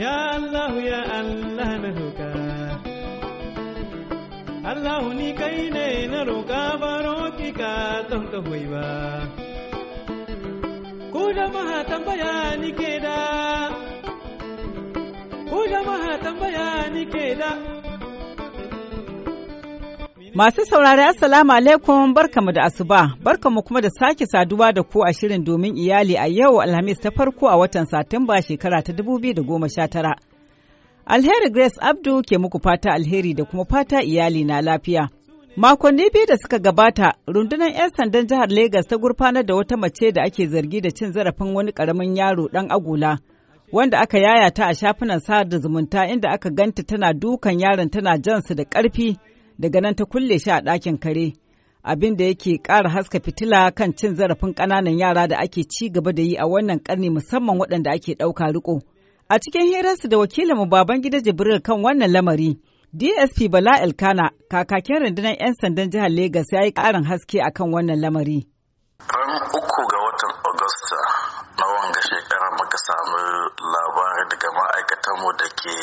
Ya alahu ya Allah na roƙa Allah ni kai ne na roƙa baro ki ka don ka hoyi ba tambaya ni ke da tambaya ni ke da Masu saurari Assalamu alaikum barkamu da asuba, barkamu kuma da sake saduwa da ku a shirin domin iyali a yau Alhamis ta farko a watan Satumba shekara ta 2019. Alheri Grace Abdu ke muku fata alheri da kuma fata iyali na lafiya. Makonni biyu da suka gabata, rundunar 'yan sandan jihar Legas ta gurfanar da wata mace da ake zargi da cin zarafin wani karamin yaro ɗan agula. wanda aka yayata a shafinan sada zumunta inda aka ganta tana dukan yaron tana jansu da ƙarfi daga nan ta kulle shi a ɗakin kare abin da yake ƙara haska fitila kan cin zarafin ƙananan yara da ake ci gaba da yi a wannan ƙarni musamman waɗanda ake ɗauka riko. A cikin hirarsu da wakilinmu Babangida Jibril kan wannan lamari, DSP Bala Elkana, kakakin rundunar 'yan sandan jihar Legas ya yi ƙarin haske akan wannan lamari. Ran uku ga watan Agusta na wanga shekara muka samu labarin daga ma'aikatanmu da ke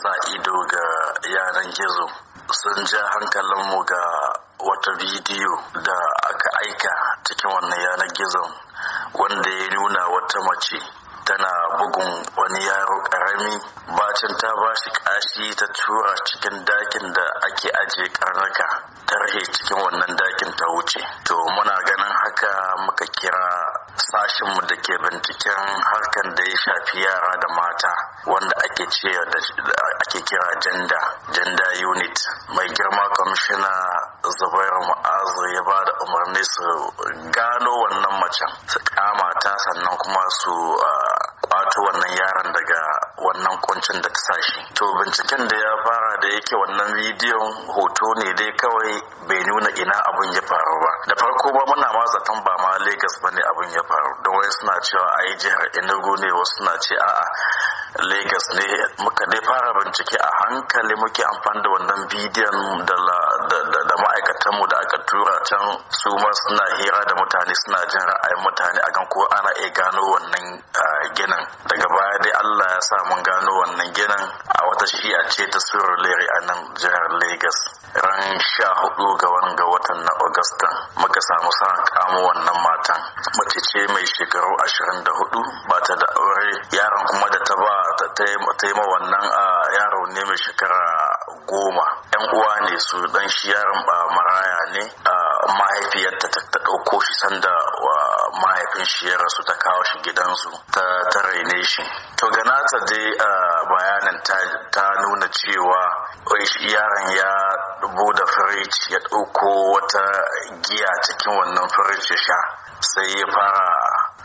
sa ido ga yaran gizo. sun ja hankalinmu ga wata bidiyo da aka aika cikin wannan yanar gizon wanda ya nuna wata mace tana bugun wani yaro karami bacin ta ba shi kashi ta tura cikin dakin da ake ajiye karnaka ta rahe cikin wannan dakin ta wuce to muna ganin haka muka kira sashenmu da ke binciken harkar da ya shafi yara da mata wanda ake kira janda janda unit mai girma kwamishina zubairu ma'azu ya ba da umarni su gano wannan macen su kama ta sannan kuma su kwato wannan yaran daga wannan kuncin da ta sashi to binciken da ya ba. da yake wannan bidiyon hoto ne dai kawai bai nuna ina abun ya faru ba da farko ba muna ma zaton ba ma Legas ba ne abun ya faru da wai suna cewa a yi jihar Enugu ne wasu suna ce a Legas ne muka dai fara bincike a hankali muke amfani da wannan bidiyon da da mu da aka tura can su ma suna hira da mutane suna jin ra'ayin mutane akan ko ana iya gano wannan ah, ginin daga baya dai Allah ya sa mun gano wannan ginin a wata shiya ce ta surulere a nan jihar Legas. Ran sha hudu ga wanga watan na Augustan muka samu sa kamo wannan matan. Mace ce mai shekaru ashirin da hudu ba ta da aure yaron kuma da ta ba ta taima wannan a yaro ne mai shekara goma. Yan uwa ne su dan shi yaron ba maraya ne a mahaifiyarta ta ɗauko shi sanda mahaifin shi ya rasu ta kawo shi gidansu ta ta raine shi to ganata dai a bayanin ta nuna cewa yaron ya buɗe firij ya ɗauko wata giya cikin wannan firij ya sha sai ya fara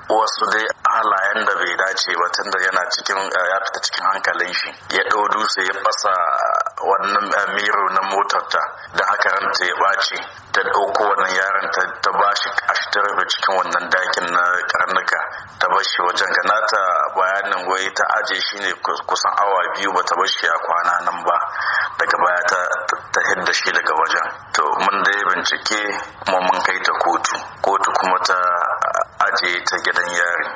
wasu dai wahala yadda bai dace ba tunda yana cikin eh, ya fita cikin hankalin shi ya ɗau dutse ya fasa eh, wannan eh, miro na motar ta da haka ranta ya ɓace ta ɗauko wannan yaron ta bashi ashitar da cikin wannan dakin na karnuka ta bashi wajen nata bayanin wai ta aje shi ne kusan awa biyu ba ta bashi a kwana nan ba daga baya ta hidda shi daga wajen to mun dai bincike kuma mun kai ta kotu kotu kuma ta aje ta gidan yari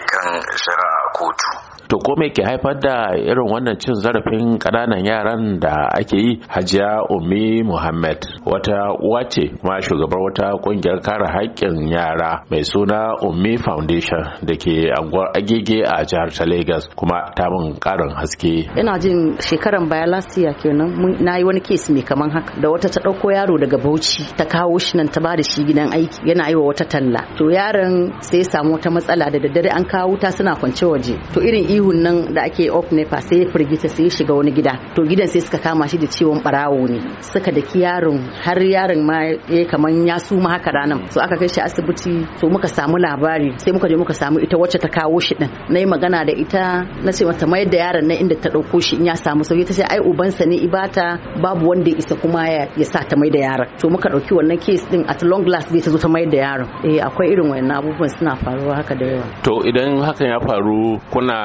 kan shari'a kotu to ko me ke haifar da irin wannan cin zarafin kananan yaran da ake yi hajiya ummi muhammad wata wace ce shugabar wata ƙungiyar kare haƙƙin yara mai suna ummi foundation da ke anguwar agege a jihar ta lagos kuma ta min ƙarin haske ina jin shekaran baya last year kenan na yi wani kes ne kaman haka da wata ta ɗauko yaro daga bauchi ta kawo shi nan ta ba da shi gidan aiki yana yi wa wata talla to yaron sai ya samu wata matsala da daddare an kawo ta suna kwance waje to irin ihu ihun nan da ake op nepa sai ya firgita sai ya shiga wani gida to gidan sai suka kama shi da ciwon barawo ne suka da yaron har yaron ma ya kaman ya suma haka ranan so aka kai shi asibiti to muka samu labari sai muka je muka samu ita wacce ta kawo shi din na yi magana da ita na ce mata mayar da yaron na inda ta ɗauko shi in ya samu sauki ta ce ai ubansa ne ibata babu wanda ya isa kuma ya sa ta mai da yaron to muka ɗauki wannan case din at long last dai ta zo ta mai da yaron eh akwai irin wannan abubuwan suna faruwa haka da yawa to idan hakan ya faru kuna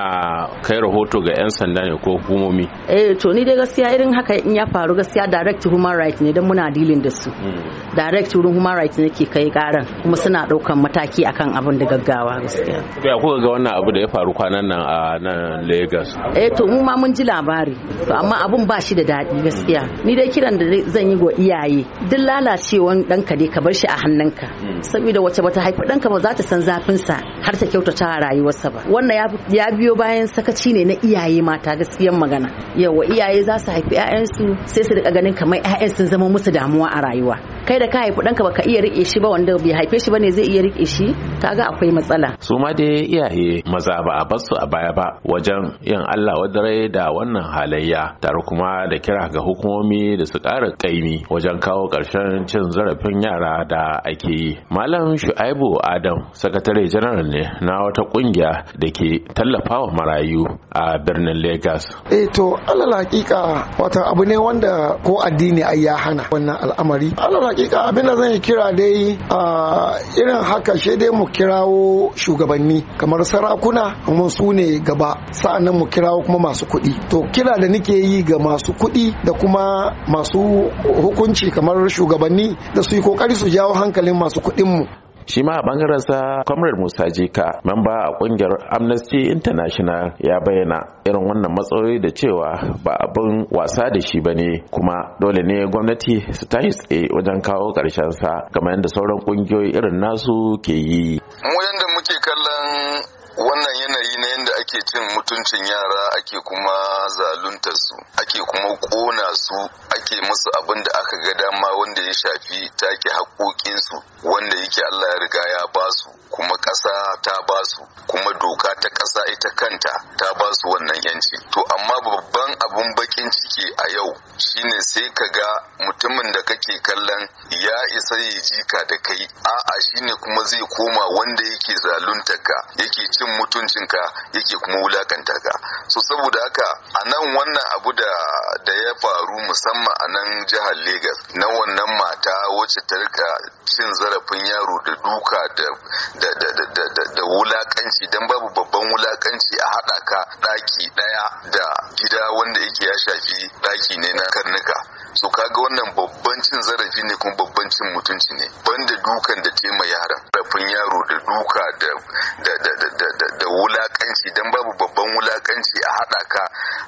kai rahoto ga 'yan sanda ne ko hukumomi eh to ni dai gaskiya irin haka in ya faru gaskiya direct human right ne don muna dilin da su hmm. direct wurin human right ne ke kai karan kuma suna daukan mataki akan abin da gaggawa gaskiya ya kuka ga wannan abu da ya faru kwanan nan a nan Lagos eh to mu ma mun ji labari to amma abun ba shi da daɗi gaskiya ni dai kiran da zan yi ga iyaye duk lalacewan ɗanka dai ka bar shi a hannunka hmm. saboda wace bata haifi ɗanka ba za ta san zafin sa har ta kyautata rayuwarsa ba wannan ya biyo ba bayan sakaci ne na iyaye mata gaskiyan magana yawa iyaye za su haifi 'ya'yansu sai su riƙa ganin kamar 'ya'yan sun zama musu damuwa a rayuwa kai da ka haifi ɗanka baka iya rike shi ba wanda bai haife shi bane zai iya riƙe shi kaga akwai matsala su ma dai iyaye maza ba a basu a baya ba wajen yin Allah wadare da wannan halayya tare kuma da kira ga hukumomi da su ƙara kaimi wajen kawo ƙarshen cin zarafin yara da ake yi malam shu'aibu adam sakatare janar ne na wata ƙungiya da ke tallafawa marayu a birnin lagos eh to alal hakika wata abu ne wanda ko addini ai ya hana wannan al'amari alal hakika abin da zan yi kira dai a irin haka shi dai mu kirawo shugabanni kamar sarakuna kuma su ne gaba sa'annan mu kirawo kuma masu kuɗi to kira da nake yi ga masu kuɗi da kuma masu hukunci kamar shugabanni da su yi kokari su jawo hankalin masu kuɗin mu shi ma a bangaren sa Comrade Musa Jika memba a kungiyar Amnesty International ya bayyana irin wannan matsaloli da cewa ba abin wasa da shi ba ne, kuma dole ne gwamnati su yi tsaye wajen kawo karshen sa kamar yadda sauran kungiyoyi irin nasu ke yi mu yanda muke kallon wannan yanayi na yadda ake cin mutuncin yara ake kuma zalunta su ake kuma kona su ake musu abin da aka ga dama wanda ya shafi take haƙoƙinsu wanda yake Allah ya riga ya basu kuma ƙasa ta basu kuma doka ta ƙasa ita kanta ta basu wannan yanci to amma babban abun bakin ciki a yau shine sai ka ga mutumin da kake kallon ya isa ya jika da kai a'a shine kuma zai koma wanda yake zalunta ka yake cin mutuncinka yake kuma wulakanta ka so saboda haka a nan wannan abu da da ya faru musamman a nan jihar Legas na wannan mata wacce ta rika cin zarafin yaro da duka da wulakanci dan babu babban wulakanci a haɗa ka ɗaki ɗaya da gida wanda yake ya shafi ɗaki ne na karnuka so kaga wannan babban cin zarafi ne kuma babban cin mutunci ne banda dukan da tema yara rafin yaro da duka da wulakanci dan babu babban wulakanci a hada ka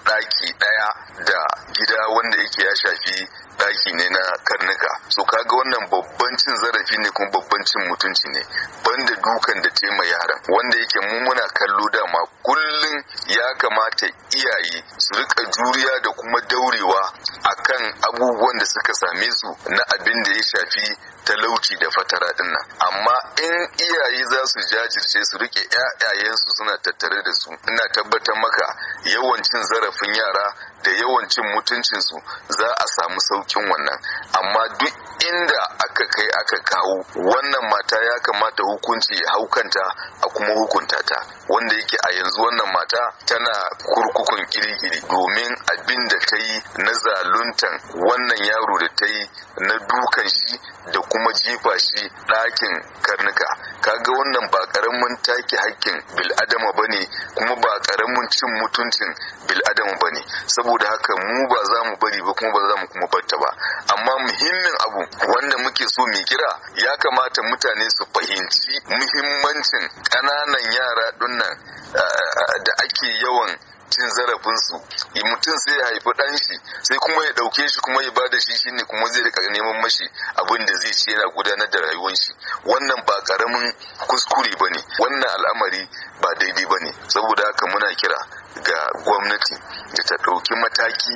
ɗaki ɗaya da gida wanda yake ya shafi ɗaki ne na karnuka so kaga wannan babban cin zarafi ne kuma babban cin mutunci ne banda dukan da tema yaran wanda yake mu muna kallo dama kullum ya kamata iyaye su rika juriya da kuma daurewa a Kan abubuwan da suka same su na abin da ya shafi talauci da fatara dinna amma in iyaye za su jajirce su rike 'ya'yayansu suna tattare da su ina tabbatar maka yawancin zarafin yara da yawancin cin mutuncinsu za a samu saukin wannan amma duk inda aka kai aka kawo wannan mata ya kamata hukunci ya haukanta a kuma hukunta ta wanda yake a yanzu wannan mata tana kurkukun kirkiri domin abin da ta yi na zaluntan wannan yaro da ta yi na dukan shi da kuma jifa shi ɗakin karnuka kaga wannan ba karamin take hakkin bil'adama ba ne kuma ba karamin cin mutuncin bil'adama ba ne saboda haka mu ba za mu bari ba kuma ba za mu kuma barta ba amma muhimmin abu wanda muke so mu kira ya kamata mutane su fahimci muhimmancin ƙananan yara ɗinnan eh, da ake yawan cin zarafinsu mutum sai ya haifi ɗan shi sai kuma ya ɗauke shi kuma ya bada shi shine kuma zai rika neman mashi abin da zai ci yana gudanar da rayuwar shi wannan ba karamin kuskure bane wannan al'amari ba daidai bane saboda haka muna kira ga gwamnati da ta ɗauki mataki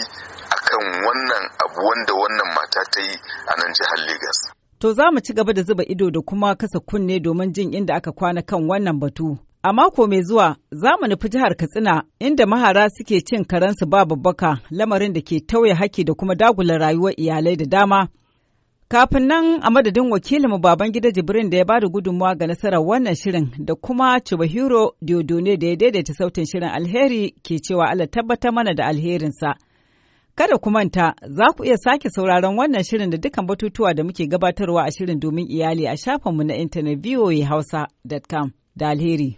akan wannan abu wanda wannan mata ta yi a nan jihar Legas. To za mu ci gaba da zuba ido da kuma kasa kunne domin jin inda aka kwana kan wannan batu. A mako mai zuwa za mu nufi jihar Katsina inda mahara suke cin karensu ba babbaka lamarin da ke tauye haki da kuma dagula rayuwar iyalai da dama. Kafin nan a madadin wakilinmu baban gida Jibrin da ya bada gudunmawa ga nasarar wannan shirin da kuma Chubahiro Diodone da ya daidaita sautin shirin alheri ke cewa Allah tabbatar mana da alherinsa. Kada ku manta za ku iya sake sauraron wannan shirin da dukkan batutuwa da muke gabatarwa a shirin domin iyali a shafinmu na intanet voahausa.com da alheri.